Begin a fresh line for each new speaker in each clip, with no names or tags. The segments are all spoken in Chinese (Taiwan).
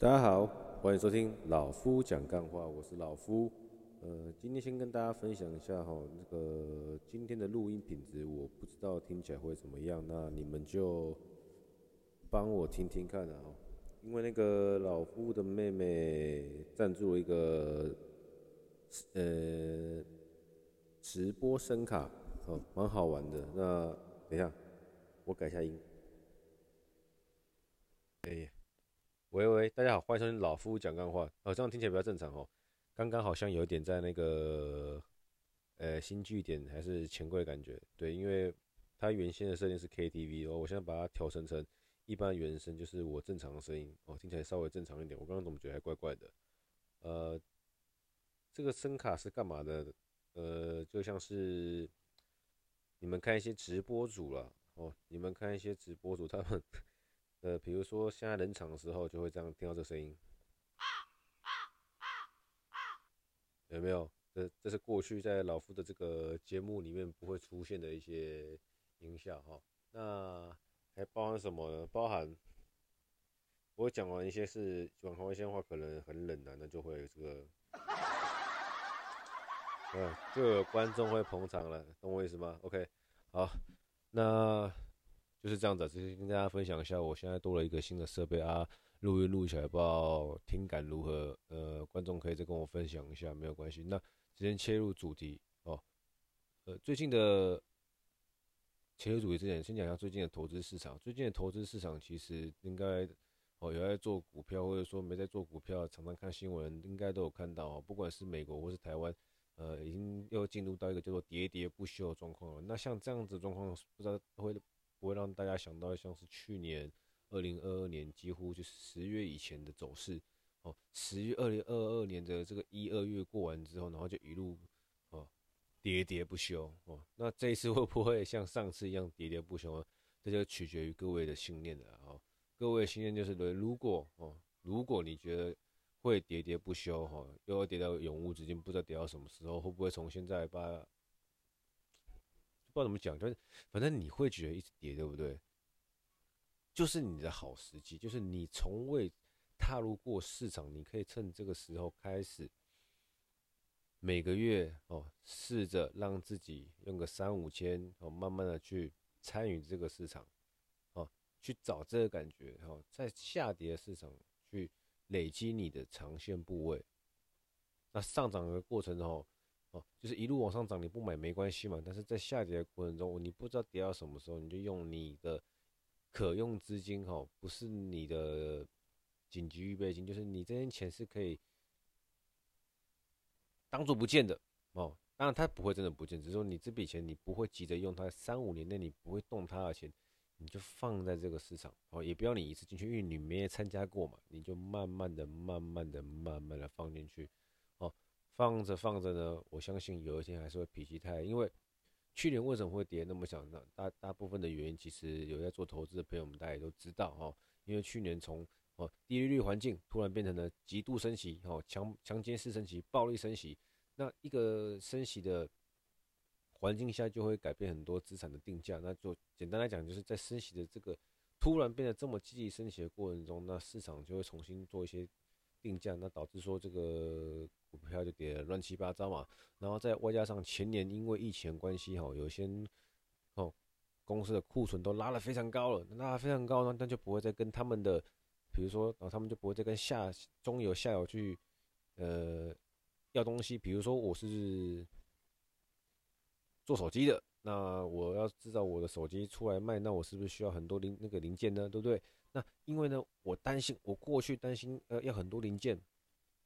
大家好，歡迎收聽老夫講幹話，我是老夫。呃，今天先跟大家分享一下哈，這、那個今天的錄音品質我不知道聽起來會怎麼樣，那你們就幫我聽聽看啊。因為那個老夫的妹妹贊助了一個呃直播聲卡，哦，蠻好玩的。那等一下，我改一下音，可、欸、以。喂喂，大家好，歡迎收聽老夫講幹話哦，這樣聽起來比較正常哦。剛剛好像有一點在那個，呃，星聚點還是錢櫃的感覺，對，因為它原先的設定是 KTV 哦，我現在把它調成成一般原聲，就是我正常的聲音哦，聽起來稍微正常一點。我剛剛怎麼覺得還怪怪的？呃，這個聲卡是幹嘛的？呃，就像是你們看一些直播主了哦，你們看一些直播主他們。呃，比如說現在冷場的時候，就會這樣聽到這聲音，有沒有？這這是過去在老夫的這個節目裡面不會出現的一些音效哈。那還包含什麼呢？包含我講完一些事，講完一些話，可能很冷的啊，那就會有這個，嗯，就有觀眾會捧場了，懂我意思嗎？OK，好，那。就是這樣子，直接跟大家分享一下，我現在多了一個新的設備啊，錄一錄起來，不知道聽感如何。呃，觀眾可以再跟我分享一下，沒有關係。那直接切入主題哦。呃，最近的切入主題之前，先講一下最近的投資市場。最近的投資市場其實應該哦，有在做股票，或者說沒在做股票，常常看新聞，應該都有看到哦。不管是美國或是台灣，呃，已經又進入到一個叫做跌跌不休的狀況了。那像這樣子狀況，不知道會。不會讓大家想到像是去年二零二二年幾乎就是十月以前的走勢哦，十月二零二二年的這個一、二月過完之後，然後就一路哦跌跌不休哦。那這一次會不會像上次一樣跌跌不休呢？這就取決於各位的信念了，各位的信念就是說，如果哦，如果你覺得會跌跌不休哈，又要跌到永無止境，不知道跌到什麼時候，會不會從現在把。不管怎麼講，就是反正你會覺得一直跌，對不對？就是你的好時機，就是你從未踏入過市場，你可以趁這個時候開始，每個月哦，試着讓自己用個三五千哦，慢慢的去參與這個市場，哦，去找這個感覺，哦，然後在下跌的市場去累積你的長線部位，那上漲的過程中，然後。哦，就是一路往上漲，你不買沒關係嘛。但是在下跌的過程中，你不知道跌到什麼時候，你就用你的可用資金哈、哦，不是你的緊急預備金，就是你這些錢是可以當做不見的哦。當然，它不會真的不見，只是說你這筆錢你不會急着用它，三五年內你不會動它的錢，你就放在這個市場哦，也不要你一次進去，因為你沒參加過嘛，你就慢慢的、慢慢的、慢慢的放進去。放着放着呢，我相信有一天還是會脾氣太。因為去年為什麼會跌那麼想呢？大大部分的原因其實有在做投資的朋友們，大家也都知道哈。因為去年從哦低利率環境突然變成了極度升息，哦強強階式升息、暴力升息，那一個升息的環境下就會改變很多資產的定價。那就簡單來講，就是在升息的這個突然變得這麼積極升息的過程中，那市場就會重新做一些。定價，那導致說這個股票就跌了亂七八糟嘛，然後再外加上前年因為疫情關係哈，有些哦公司的庫存都拉得非常高了，拉得非常高呢，那就不會再跟他們的，比如說哦，他們就不會再跟下中游下游去呃要東西，比如說我是做手機的，那我要製造我的手機出來賣，那我是不是需要很多零那個零件呢？對不對？那因為呢，我擔心，我過去擔心，呃，要很多零件，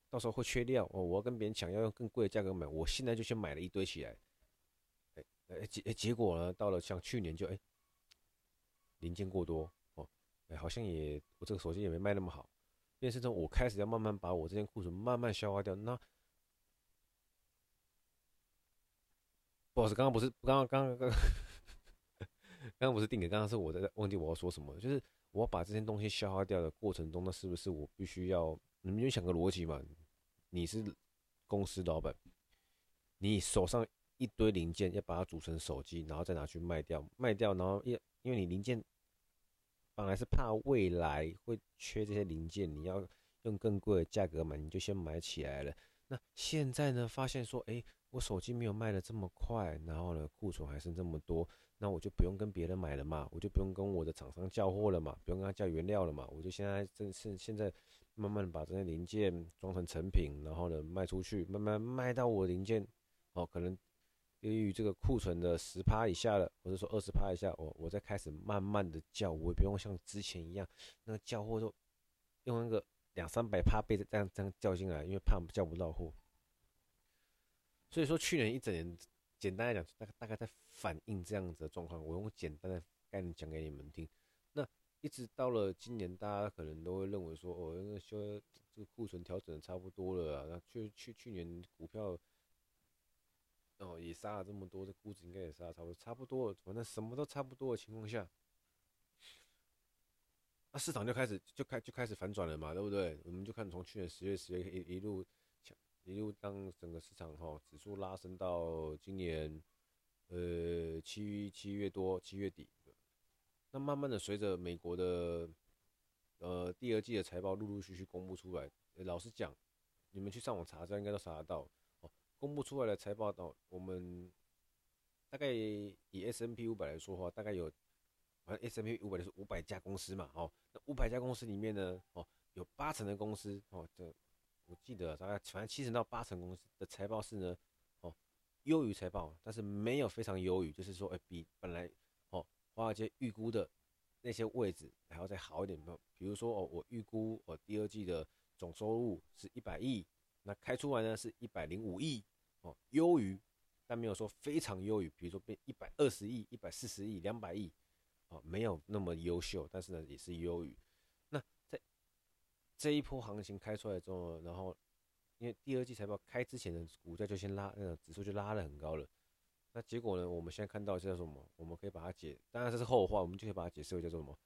到時候會缺料哦，我要跟別人搶，要用更貴的價格買。我現在就先買了一堆起來，哎、欸，哎、欸、結、欸、結果呢，到了像去年就哎、欸、零件過多哦，哎、欸、好像也我這個手機也沒賣那麼好，變成這種，我開始要慢慢把我這件庫存慢慢消化掉。那，不好意思剛剛不是剛剛剛剛剛剛不是定點，剛剛是我在忘記我要說什麼，就是。我把這些東西消化掉的過程中，那是不是我必須要？你們就想個邏輯嘛。你是公司老闆，你手上一堆零件，要把它組成手機，然後再拿去賣掉，賣掉，然後因因為你零件本來是怕未來會缺這些零件，你要用更貴的價格買，你就先買起來了。那現在呢，發現說，誒、欸，我手機沒有賣得這麼快，然後呢，庫存還剩這麼多。那我就不用跟別人買了嘛，我就不用跟我的廠商叫貨了嘛，不用跟他叫原料了嘛，我就現在正正現在慢慢把這些零件裝成成品，然後呢，賣出去，慢慢賣到我零件，哦，可能由於這個庫存的十趴以下了，或者說二十趴以下，我我再開始慢慢的叫，我也不用像之前一樣那個叫貨就用那個兩三百趴、倍這樣這樣叫進來，因為怕叫不到貨。所以說去年一整年。簡單來講，大概大概在反映這樣子的狀況。我用簡單的概念講給你們聽。那一直到了今年，大家可能都會認為說，哦，那個修，這個庫存調整的差不多了，那去去去年股票哦也殺了這麼多，這個估值應該也殺了差不多，差不多了，反正什麼都差不多的情況下，那市場就開始就開始就開始反轉了嘛，對不對？我們就看從去年十月十月一一路。一路當整個市場哈指數拉升到今年，呃，七七月多七月底，那慢慢的隨着美國的，呃第二季的財報陸陸續續公布出來，老實講，你們去上網查一下應該都查得到，公布出來的財報，到我們大概以 S&P 五百來說的話，大概有，S&P 五百就是五百家公司嘛，哦，那五百家公司裡面呢，哦有八成的公司哦我記得大概，反正七成到八成公司的財報是呢，哦，優於財報，但是沒有非常優於，就是說，哎、欸，比本來哦華爾街預估的那些位置還要再好一點，比如說哦，我預估我、哦、第二季的總收入是一百億，那開出來呢是一百零五億，哦，優於，但沒有說非常優於。比如說變一百二十億、一百四十億、兩百億，哦，沒有那麼優秀，但是呢也是優於。這一波行情開出來之後，然後因為第二季財報開之前的股價就先拉，那個指數就拉得很高了。那結果呢？我們現在看到現在什麼？我們可以把它解，當然這是後話，我們就可以把它解釋為叫做什麼？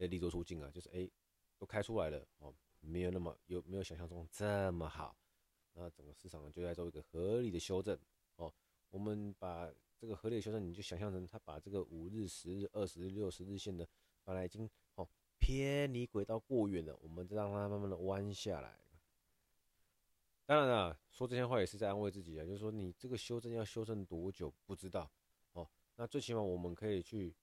哎，利多出盡啊，就是哎、欸，都開出來了哦、喔，沒有那麼有沒有想象中這麼好。那整個市場就在做一個合理的修正哦、喔。我們把這個合理的修正，你就想象成他把這個五日、十日、二十日、六十日線的本來已經。偏離軌道過遠了，我們再讓它慢慢的彎下來。當然了啊，說這些話也是在安慰自己啊，就是說你這個修正要修正多久不知道，哦，那最起碼我們可以去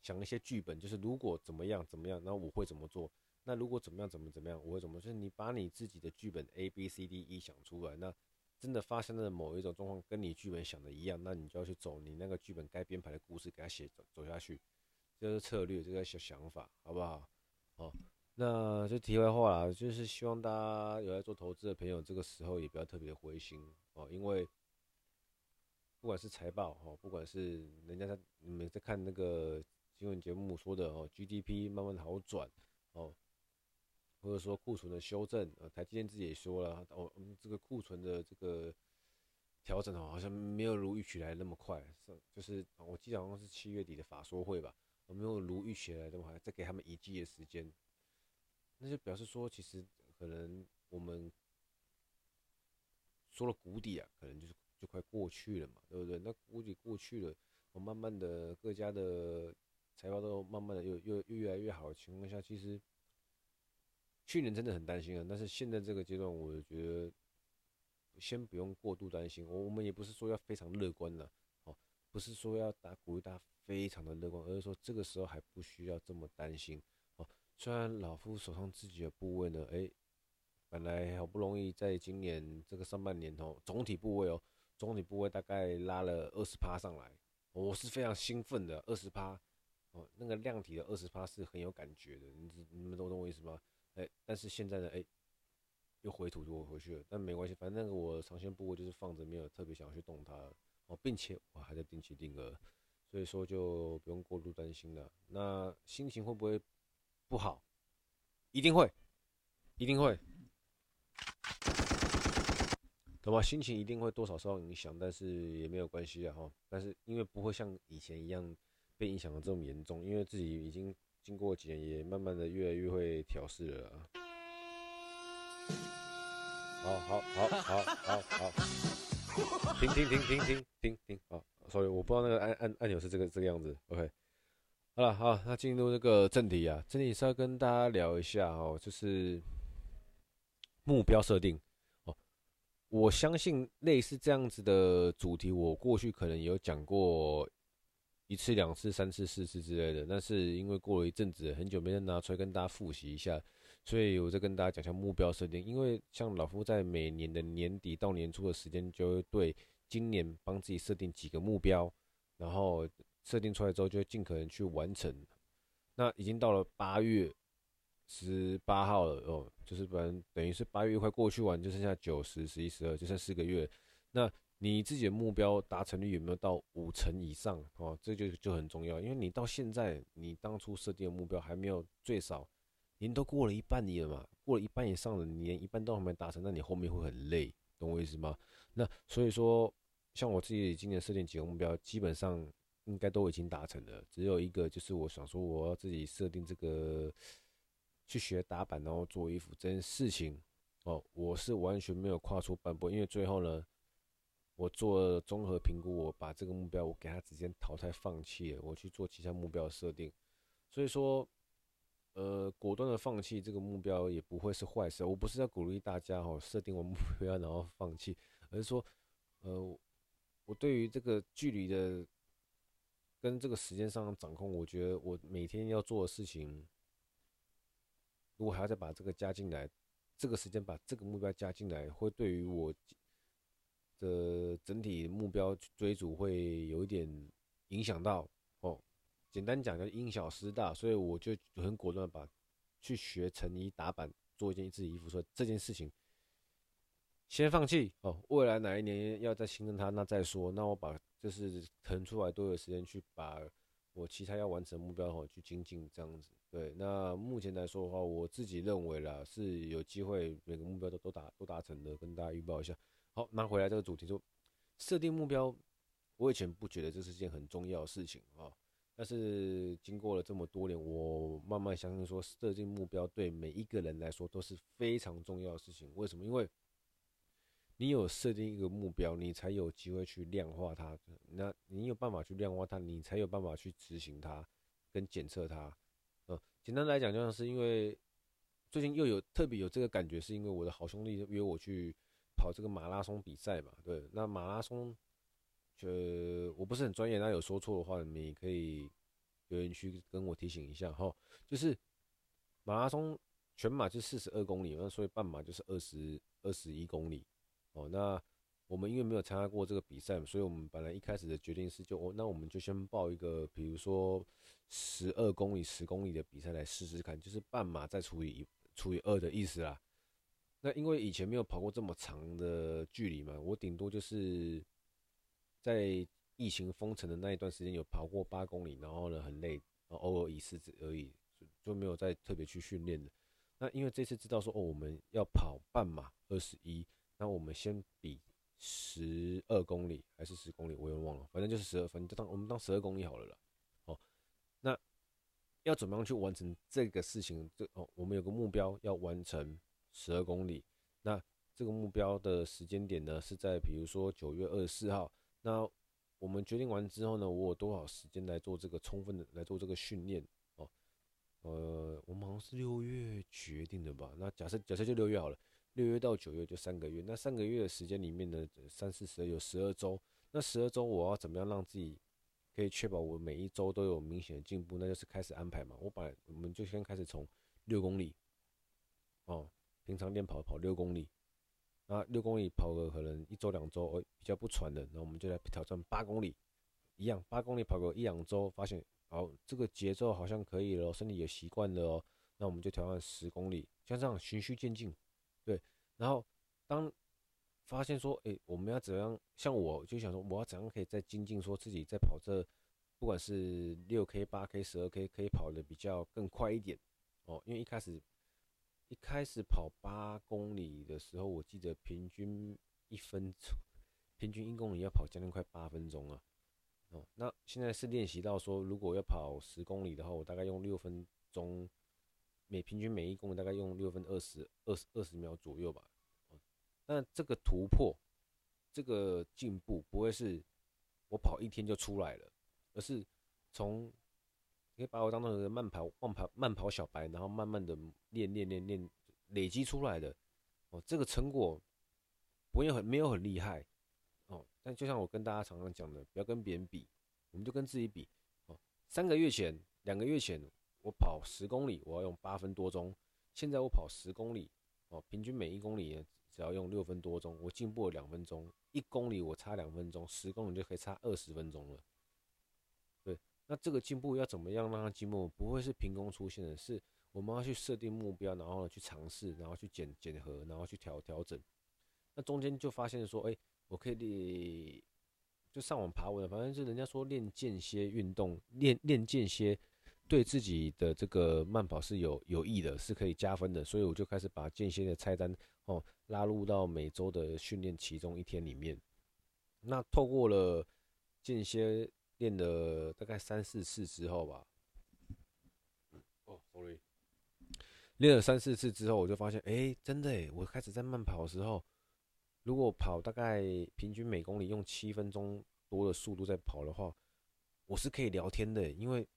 想一些劇本，就是如果怎麼樣怎麼樣，那我會怎麼做？那如果怎麼樣怎麼怎麼樣，我會怎麼做？就是你把你自己的劇本 A B C D E 想出來，那真的發生的某一種狀況跟你劇本想的一樣，那你就要去走你那個劇本該編排的故事給，給它寫走走下去。這個、個、策略，這個想想法，好不好？哦，那就題外話啦，就是希望大家有在做投資的朋友，這個時候也不要特別的灰心哦，因為不管是財報哈、哦，不管是人家在你們在看那個新聞節目說的哦，GDP 慢慢好轉哦，或者說庫存的修正啊、呃，台積電自己也說了哦、嗯，這個庫存的這個調整、哦、好像沒有如預期來那麼快，是就是、哦、我記得好像是七月底的法說會吧。我們用如玉寫來的話，再給他們一季的時間，那就表示說，其實可能我們說了谷底啊，可能就是就快過去了嘛，對不對？那谷底過去了，我慢慢的各家的財報都慢慢的又又又越來越好的情況下，其實去年真的很擔心啊。但是現在這個階段，我覺得先不用過度擔心。我我們也不是說要非常樂觀了、啊，哦，不是說要打鼓打大。非常的樂觀，而是說這個時候還不需要這麼擔心，哦，雖然老夫手上自己的部位呢，哎，欸，本來好不容易在今年這個上半年頭，哦，總體部位哦，總體部位大概拉了二十趴上來，哦，我是非常興奮的，二十趴哦，那個量體的二十趴是很有感覺的，你你們都懂我意思嗎？哎，欸，但是現在呢，哎，欸，又回吐了，回去了，但沒關係，反正那個我長線部位就是放着，沒有特別想要去動它哦，並且我還在定期定額。所以說就不用過度擔心了。那心情會不會不好？一定會，一定會，好、嗯、吧？心情一定會多少受到影響，但是也沒有關係啊哈。但是因為不會像以前一樣被影響的這麼嚴重，因為自己已經經過幾年，也慢慢的越來越會調試了。好好好好好好，停停停停停停停。停停停停停好所以我不知道那個按按按鈕是這個這個樣子。OK，好了，好，那進入這個正題啊，正題是要跟大家聊一下哦，就是目標設定哦。我相信類似這樣子的主題，我過去可能有講過一次、兩次、三次、四次之類的。但是因為過了一陣子，很久沒人拿出來跟大家複習一下，所以我再跟大家講下目標設定，因為像老夫在每年的年底到年初的時間，就會對。今年幫自己設定幾個目標，然後設定出來之後就盡可能去完成。那已經到了八月十八號了哦，就是本等於是八月快過去完，就剩下九、十、十一、十二，就剩四個月。那你自己的目標達成率有沒有到五成以上？哦，這就就很重要，因為你到現在你當初設定的目標還沒有最少，年都過了一半年了嘛，過了一半以上了，你連一半都還沒達成，那你後面會很累，懂我意思嗎？那所以說。像我自己今年設定幾個目標，基本上應該都已經達成了。只有一個，就是我想說，我要自己設定這個去學打板，然後做衣服這件事情哦，我是完全沒有跨出半步。因為最後呢，我做綜合評估，我把這個目標我給他直接淘汰放棄，我去做其他目標設定。所以說，呃，果斷的放棄這個目標也不會是壞事。我不是在鼓勵大家哦，設定完目標然後放棄，而是說，呃。我對於這個距離的跟這個時間上掌控，我覺得我每天要做的事情，如果還要再把這個加進來，這個時間把這個目標加進來，會對於我的整體目標追逐會有一點影響到哦。簡單講就因小失大，所以我就很果斷把去學成衣打板做一件自己衣服，說這件事情，先放棄哦，未來哪一年要再新增它，那再說。那我把就是騰出來多有時間去把我其他要完成的目標哦去精進，這樣子。對，那目前來說的話，我自己認為啦，是有機會每個目標都都達都達成的，跟大家預報一下。好，拿回來這個主題就設定目標。我以前不覺得這是件很重要的事情啊、哦，但是經過了這麼多年，我慢慢相信說設定目標對每一個人來說都是非常重要的事情。為什麼？因為你有設定一個目標，你才有機會去量化它。那你有辦法去量化它，你才有辦法去執行它跟檢測它。嗯，簡單來講，就像是因為最近又有特別有這個感覺，是因為我的好兄弟約我去跑這個馬拉松比賽嘛。對，那馬拉松，呃，我不是很專業，那有說錯的話，你可以留言區跟我提醒一下哈。就是馬拉松全馬就是四十二公里，那所以半馬就是二十二十一公里。哦，那我們因為沒有參加過這個比賽，所以我們本來一開始的決定是就，就哦，那我們就先報一個，比如說十二公里、十公里的比賽來試試看，就是半馬再除以除以二的意思啦。那因為以前沒有跑過這麼長的距離嘛，我頂多就是在疫情封城的那一段時間有跑過八公里，然後呢很累，哦、偶爾一次而已，就沒有再特別去訓練了。那因為這次知道說哦，我們要跑半馬二十一。那我們先比十二公里還是十公里，我也忘了，反正就是十二分，就當我們當十二公里好了啦。哦，那要怎麼樣去完成這個事情？這哦，我們有個目標要完成十二公里，那這個目標的時間點呢是在比如說九月二十四號。那我們決定完之後呢，我有多少時間來做這個充分的來做這個訓練？哦，呃，我們好像是六月決定的吧？那假設假設就六月好了。六月到九月就三個月，那三個月的時間裡面呢，三四十有十二週，那十二週我要怎麼樣讓自己可以確保我每一週都有明顯的進步？那就是開始安排嘛。我把我們就先開始從六公里，哦，平常練跑跑六公里，那六公里跑個可能一週兩週，哎、哦，比較不喘的，那我們就來挑戰八公里，一樣，八公里跑個一兩週，發現哦，這個節奏好像可以了，哦，身體也習慣了哦，那我們就挑戰十公里，像這樣循序漸進。然後，當發現說，誒，我們要怎樣？像我就想說，我要怎樣可以再精進，說自己在跑這，不管是六 K、八 K、十二 K，可以跑得比較更快一點哦。因為一開始一開始跑八公里的時候，我記得平均一分鐘，平均一公里要跑將近快八分鐘啊。哦，那現在是練習到說，如果要跑十公里的話，我大概用六分鐘。每平均每一公里大概用六分二十二十二十秒左右吧。那這個突破，這個進步不會是，我跑一天就出來了，而是從可以把我當成一個慢跑、慢跑、慢跑小白，然後慢慢的練、練、練、練，累積出來的。哦，這個成果不會很沒有很厲害。哦，但就像我跟大家常常講的，不要跟別人比，我們就跟自己比。哦，三個月前，兩個月前。我跑十公里，我要用八分多鐘。現在我跑十公里，哦，平均每一公里只要用六分多鐘。我進步了兩分鐘，一公里我差兩分鐘，十公里就可以差二十分鐘了。對，那這個進步要怎麼樣讓它進步？不會是憑空出現的，是我們要去設定目標，然後去嘗試，然後去檢檢核，然後去調調整。那中間就發現說，哎、欸，我可以就上網爬文，反正是人家說練間歇運動，練練間歇。對自己的這個慢跑是有有益的，是可以加分的，所以我就開始把間歇的菜單哦拉入到每周的訓練其中一天裡面。那透過了間歇練了大概三四次之後吧，哦，oh, sorry，練了三四次之後，我就發現，哎，真的哎，我開始在慢跑的時候，如果跑大概平均每公里用七分鐘多的速度在跑的話，我是可以聊天的，因為。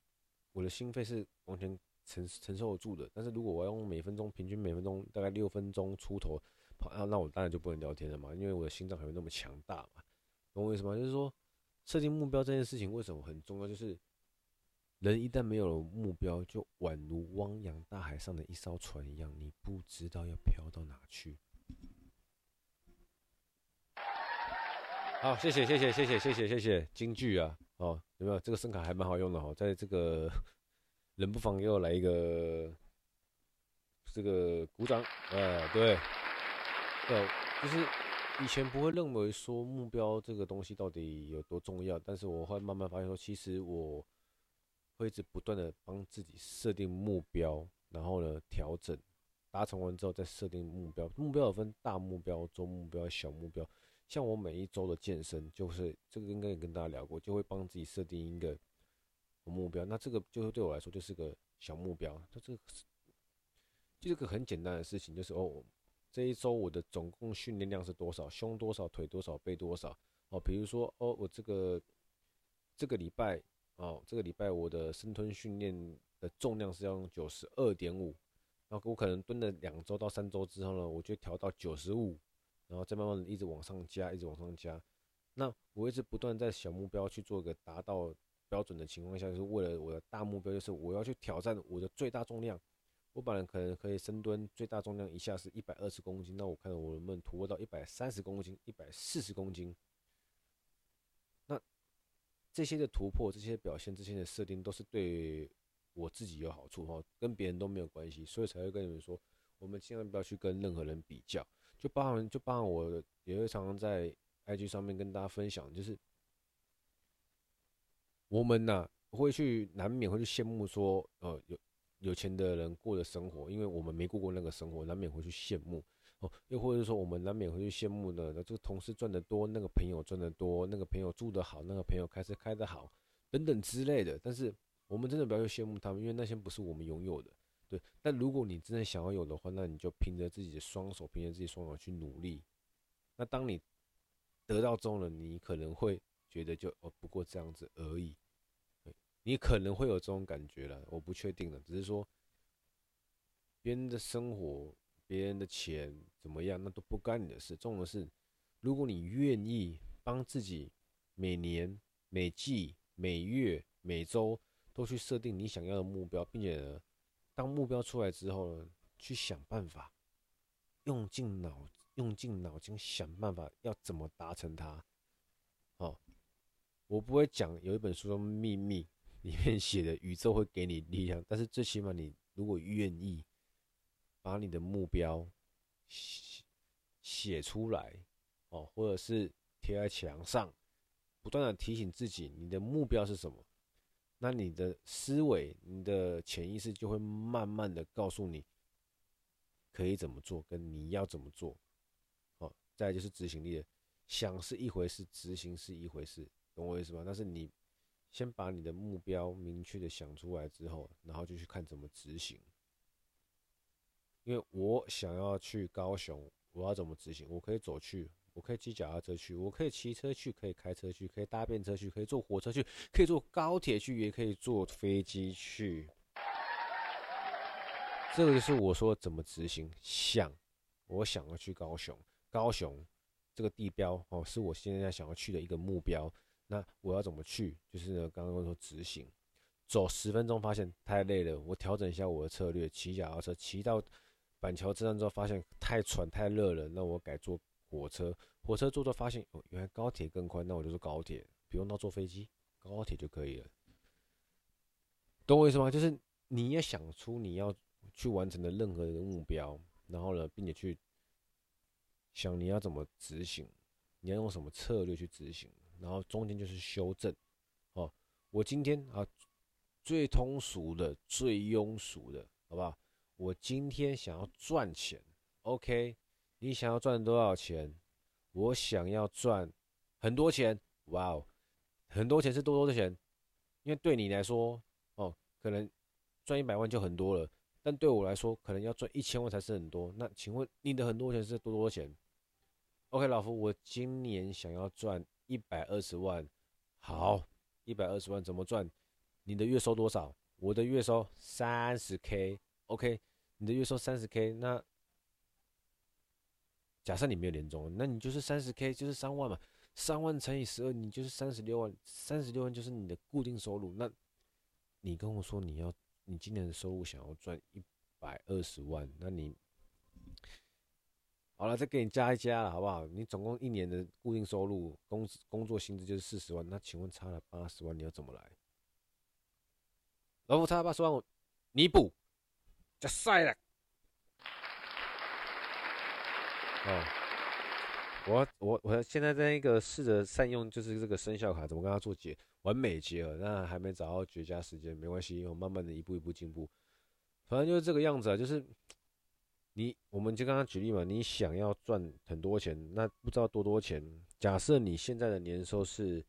我的心肺是完全承承受得住的，但是如果我要用每分鐘平均每分鐘大概六分鐘出頭跑，那我當然就不能聊天了嘛，因為我的心臟還沒有那麼強大嘛，懂我意思嗎？就是說，設定目標這件事情為什麼很重要？就是，人一旦沒有了目標，就宛如汪洋大海上的一艘船一樣，你不知道要飄到哪去。好，謝謝謝謝謝謝謝謝謝謝金句啊。哦，有沒有這個聲卡還蠻好用的哈，在這個人不妨給我來一個這個鼓掌，呃，對，呃，就是以前不會認為說目標這個東西到底有多重要，但是我會慢慢發現說，其實我會一直不斷的幫自己設定目標，然後呢調整，達成完之後再設定目標，目標有分大目標、中目標、小目標。像我每一周的健身，就是這個應該也跟大家聊過，就會幫自己設定一個目標。那這個就會對我來說就是個小目標，它這個是就這個很簡單的事情，就是哦，這一周我的總共訓練量是多少，胸多少，腿多少，背多少。哦，比如說哦，我這個這個禮拜哦，這個禮拜我的深蹲訓練的重量是要用九十二點五，然後我可能蹲了兩周到三周之後呢，我就調到九十五。然後再慢慢地一直往上加，一直往上加。那我一直不斷在小目標去做一個達到標準的情況下，就是為了我的大目標，就是我要去挑戰我的最大重量。我本來可能可以深蹲最大重量一下是一百二十公斤，那我看看我能不能突破到一百三十公斤、一百四十公斤。那這些的突破、這些表現、這些的設定都是對我自己有好處哈，跟別人都沒有關係，所以才會跟你們說，我們千萬不要去跟任何人比較。就包含，就包含我也會常常在 IG 上面跟大家分享，就是我們吶、啊、會去難免會去羨慕說，呃有有錢的人過的生活，因為我們沒過過那個生活，難免會去羨慕哦、呃。又或者說，我們難免會去羨慕呢，這個同事賺得多，那個朋友賺得多，那個朋友住得好，那個朋友開車開得好，等等之類的。但是我們真的不要去羨慕他們，因為那些不是我們擁有的。對，但如果你真的想要有的話，那你就憑着自己的雙手，憑着自己雙手去努力。那當你得到之後呢，你可能會覺得就哦，不過這樣子而已。你可能會有這種感覺了，我不確定了，只是說別人的生活、別人的錢怎麼樣，那都不關你的事。重要的是，如果你願意幫自己，每年、每季、每月、每周都去設定你想要的目標，並且呢。當目標出來之後呢，去想辦法用，用盡腦用盡腦筋想辦法要怎麼達成它。哦，我不會講有一本書叫《秘密》，裡面寫的宇宙會給你力量，但是最起碼你如果願意把你的目標寫寫出來哦，或者是貼在牆上，不斷的提醒自己你的目標是什麼。那你的思維、你的潛意識就會慢慢的告訴你，可以怎麼做，跟你要怎麼做，好，再來就是執行力了。想是一回事，執行是一回事，懂我意思吧？但是你先把你的目標明確的想出來之後，然後就去看怎麼執行。因為我想要去高雄，我要怎麼執行？我可以走去。我可以騎腳踏車去，我可以騎車去，可以開車去，可以搭便車去，可以坐火車去，可以坐高鐵去，也可以坐飛機去。這個就是我說怎麼執行。想，我想要去高雄，高雄這個地標哦、喔，是我現在想要去的一個目標。那我要怎麼去？就是呢，剛剛說執行，走十分鐘發現太累了，我調整一下我的策略，騎腳踏車騎到板橋車站之後，發現太喘太熱了，那我改坐。火車，火車坐着發現哦，原來高鐵更快，那我就坐高鐵，不用到坐飛機，高鐵就可以了。懂我意思嗎？就是你要想出你要去完成的任何一個目標，然後呢，並且去想你要怎麼執行，你要用什麼策略去執行，然後中間就是修正。哦，我今天啊最通俗的、最庸俗的，好不好？我今天想要賺錢，OK。你想要賺多少錢？我想要賺很多錢，哇哦，很多錢是多多的錢？因為對你來說，哦，可能賺一百萬就很多了，但對我來說，可能要賺一千萬才是很多。那請問你的很多錢是多多錢？OK，老夫我今年想要賺一百二十萬，好，一百二十萬怎麼賺？你的月收多少？我的月收三十 K，OK，你的月收三十 K，那。假設你沒有年終，那你就是三十 K，就是三萬嘛，三萬乘以十二，你就是三十六萬，三十六萬就是你的固定收入。那，你跟我說你要，你今年的收入想要賺一百二十萬，那你，好了，再給你加一加了，好不好？你總共一年的固定收入，工工作薪資就是四十萬，那請問差了八十萬你要怎麼來？然後差了八十萬我，我彌補，吃曬了。哦、嗯，我我我現在在一個試着善用，就是這個生肖卡，怎麼跟他做結完美結合？那還沒找到絕佳時間，沒關係，以後慢慢的一步一步進步。反正就是這個樣子啊，就是你，我們就剛剛舉例嘛，你想要賺很多錢，那不知道多多錢。假設你現在的年收是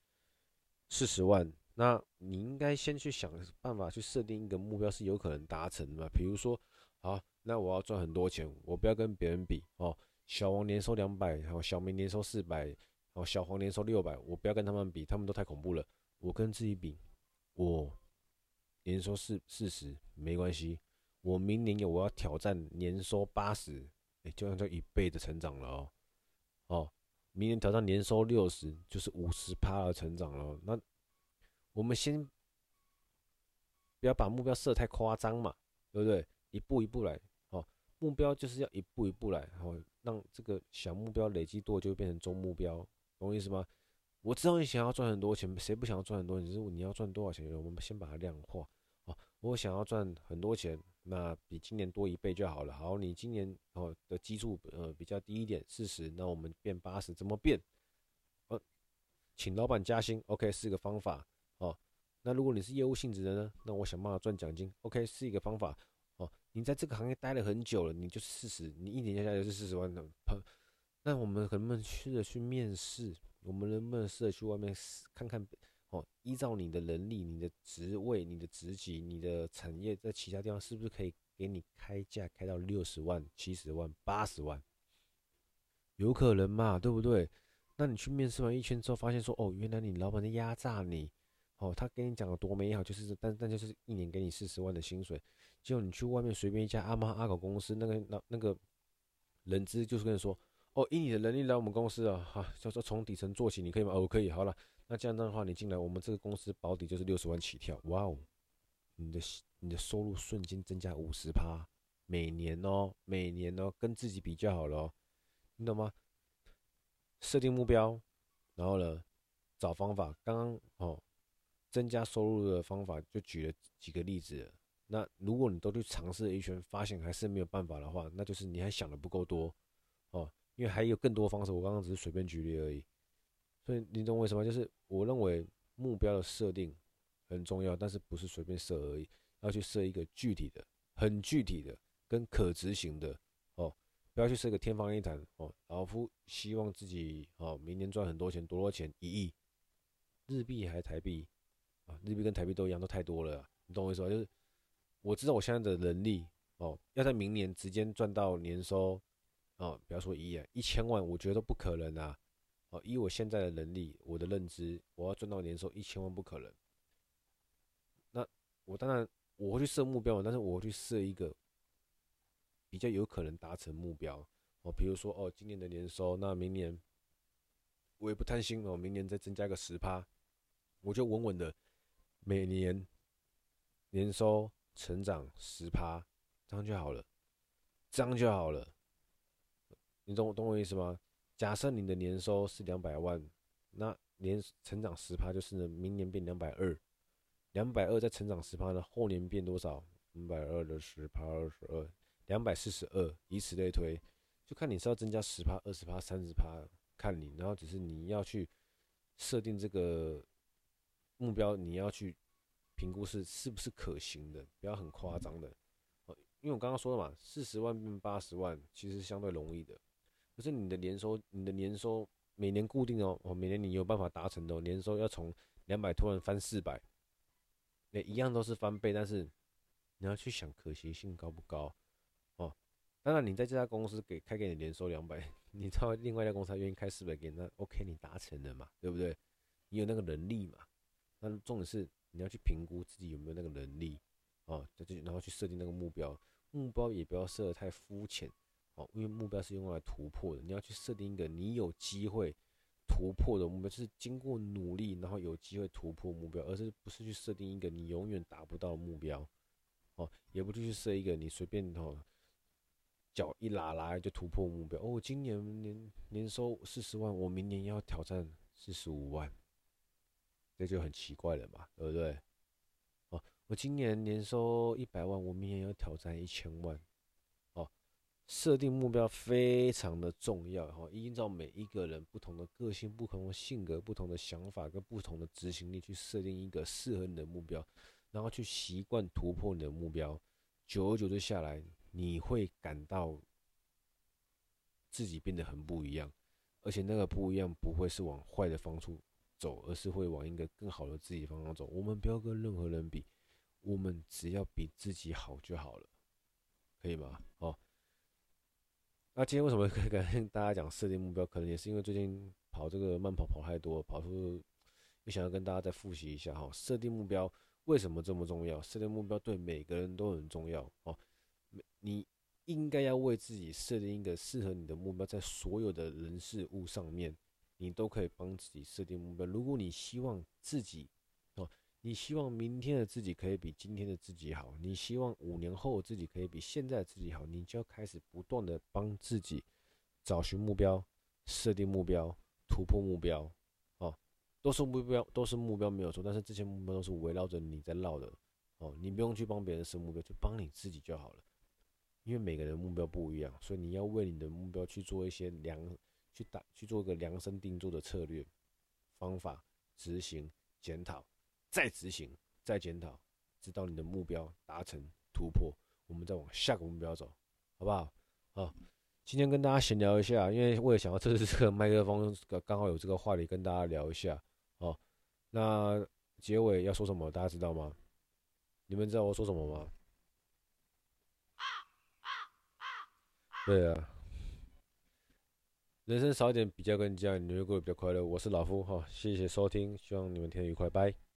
四十萬，那你應該先去想辦法去設定一個目標是有可能達成的嘛。比如說，好，那我要賺很多錢，我不要跟別人比哦。小王年收兩百，然後小明年收四百，哦，小黃年收六百。我不要跟他們比，他們都太恐怖了。我跟自己比，我年收四四十，沒關係。我明年有我要挑戰年收八十，欸，哎，就按照一倍的成長了哦，喔。哦，明年挑戰年收六十，就是五十趴的成長了喔。那我們先不要把目標設太誇張嘛，對不對？一步一步來。目標就是要一步一步來，好，讓這個小目標累積多，就會變成中目標，懂我意思嗎？我知道你想要賺很多錢，誰不想要賺很多錢？只是，你要賺多少錢？我們先把它量化，哦，我想要賺很多錢，那比今年多一倍就好了。好，你今年哦的基數呃比較低一點，四十，那我們變八十，怎麼變？呃，請老闆加薪，OK，是一個方法。哦，那如果你是業務性質的呢？那我想辦法賺獎金，OK，是一個方法。你在這個行業待了很久了，你就四十，你一年下來就是四十萬的。那我們能不能試着去面試？我們能不能試着去外面看看？哦，依照你的能力、你的職位、你的職級、你的產業，在其他地方是不是可以給你開價開到六十萬、七十萬、八十萬？有可能嘛？對不對？那你去面試完一圈之後，發現說哦，原來你老板在壓榨你。哦，他跟你講的多美好，就是但但就是一年給你四十萬的薪水。就你去外面隨便一家阿貓阿狗公司，那個那那個，人資就是跟你說，哦，以你的能力來我們公司啊，哈，就說從底層做起，你可以嗎？哦，我可以，好了，那這樣的話，你進來我們這個公司保底就是六十萬起跳，哇哦，你的你的收入瞬間增加五十趴，每年哦，每年哦，跟自己比較好了哦，你懂嗎？設定目標，然後呢，找方法，剛剛哦，增加收入的方法就舉了幾個例子了。那如果你都去嘗試一圈，發現還是沒有辦法的話，那就是你還想的不夠多哦，因為還有更多方式。我剛剛只是隨便舉例而已，所以你懂我意思嗎？就是我認為目標的設定很重要，但是不是隨便設而已，要去設一個具體的、很具體的、跟可執行的哦，不要去設個天方夜譚哦。老夫希望自己哦，明年賺很多錢，多少錢？一億日幣還是台幣啊？日幣跟台幣都一樣，都太多了啊。你懂我意思吧，就是。我知道我現在的能力哦，要在明年直接賺到年收哦，比方說一億一千萬，我覺得都不可能啦，啊。哦，以我現在的能力，我的認知，我要賺到年收一千萬不可能。那我當然我會去設目標嘛，但是我會去設一個比較有可能達成目標哦，比如說哦，今年的年收，那明年我也不貪心哦，明年再增加個十趴，我就穩穩的每年年收。成長十趴，這樣就好了，這樣就好了。你懂我懂我意思嗎？假設你的年收是兩百萬，那年成長十趴就是呢，明年變兩百二，兩百二再成長十趴呢，後年變多少？兩百二的十趴二十二，兩百四十二，以此類推。就看你是要增加十趴，二十趴，三十趴，看你。然後只是你要去設定這個目標，你要去，評估是是不是可行的，不要很誇張的，哦，因為我剛剛說了嘛，四十萬變八十萬其實相對容易的，可是你的年收，你的年收每年固定哦，哦，每年你有辦法達成的哦，年收要從兩百突然翻四百，也一樣都是翻倍，但是你要去想可行性高不高？哦，當然你在這家公司給開給你年收兩百，你到另外一家公司他願意開四百給你，那 OK 你達成了嘛，對不對？你有那個能力嘛？那重點是。你要去評估自己有沒有那個能力啊，在這然後去設定那個目標，目標也不要設得太膚淺哦，因為目標是用來突破的。你要去設定一個你有機會突破的目標，就是經過努力然後有機會突破目標，而是不是去設定一個你永遠達不到的目標哦，也不就是設一個你隨便哦，腳一拉拉就突破目標哦、喔。今年年年收四十萬，我明年要挑戰四十五萬。這就很奇怪了嘛，對不對？哦，我今年年收一百萬，我明年要挑戰一千萬。哦，設定目標非常的重要哦，依照每一個人不同的個性、不同的性格、不同的想法跟不同的執行力去設定一個適合你的目標，然後去習慣突破你的目標，久而久之下來，你會感到自己變得很不一樣，而且那個不一樣不會是往壞的方向。走，而是會往一個更好的自己方向走。我們不要跟任何人比，我們只要比自己好就好了，可以吧？好，哦，那今天為什麼跟大家講設定目標？可能也是因為最近跑這個慢跑跑太多，跑出又想要跟大家再複習一下哈。設定目標為什麼這麼重要？設定目標對每個人都很重要哦。你應該要為自己設定一個適合你的目標，在所有的人事物上面。你都可以幫自己設定目標。如果你希望自己，哦，你希望明天的自己可以比今天的自己好，你希望五年後的自己可以比現在的自己好，你就要開始不斷的幫自己找尋目標、設定目標、突破目標。哦，都是目標，都是目標沒有錯。但是這些目標都是圍繞着你在繞的。哦，你不用去幫別人設目標，就幫你自己就好了。因為每個人目標不一樣，所以你要為你的目標去做一些量。去打去做一個量身定做的策略、方法、執行、檢討，再執行、再檢討，直到你的目標達成突破，我們再往下個目標走，好不好？好，今天跟大家閒聊一下，因為我也想要測試這個麥克風，剛好有這個話題跟大家聊一下。好，那結尾要說什麼，大家知道嗎？你們知道我說什麼嗎？對啊。人生少一點比較更加，你會過得比較快樂。我是老夫哈、哦，謝謝收聽，希望你們天天愉快，拜。